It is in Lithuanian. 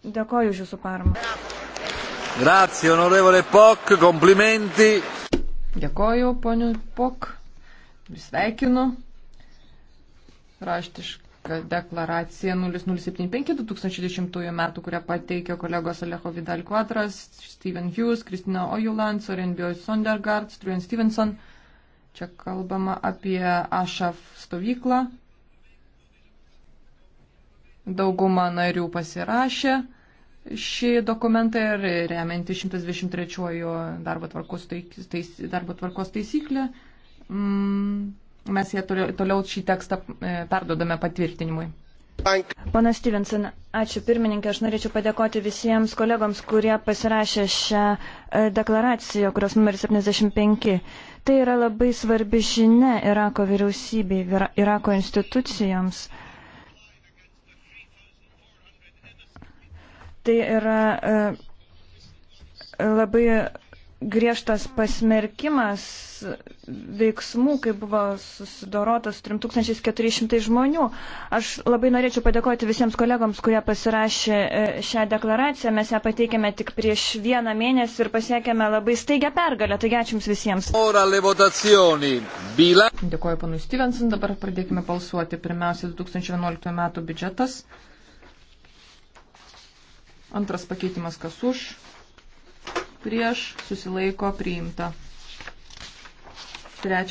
Dėkoju už Jūsų paramą. Grazie, onorevole Pok, komplimenti. Dėkoju, poniu Pok, sveikinu. Raštiškai deklaracija 0075-2010 metų, kurią pateikė kolegos Alejo Vidal Quadras, Steven Hughes, Kristina Ojuland, Soren Bioj Sondergaard, Struan Stevenson. Čia kalbama apie Ašaf stovyklą. Dauguma narių pasirašė šį dokumentą ir remianti 123 darbo tvarkos, tais, darbo tvarkos taisyklę, mm, mes jie toliau, toliau šį tekstą e, perdodame patvirtinimui. Pana Stevenson, ačiū pirmininkė, aš norėčiau padėkoti visiems kolegoms, kurie pasirašė šią e, deklaraciją, kurios numeris 75. Tai yra labai svarbi žinia Irako vyriausybei, Irako institucijoms. Tai yra e, labai griežtas pasmerkimas veiksmų, kai buvo susidorotas 3400 žmonių. Aš labai norėčiau padėkoti visiems kolegoms, kurie pasirašė e, šią deklaraciją. Mes ją pateikėme tik prieš vieną mėnesį ir pasiekėme labai staigę pergalę. Taigi ačiū Jums visiems. Dėkuoju panui Stevenson. Dabar pradėkime balsuoti. Pirmiausia, 2011 m. biudžetas. Antras pakeitimas kas už, prieš, susilaiko, priimta. Trečias.